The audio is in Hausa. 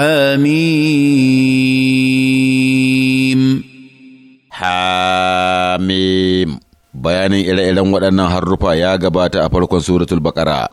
حميم حميم bayanin ire-iren waɗannan harrufa ya gabata a farkon suratul baƙara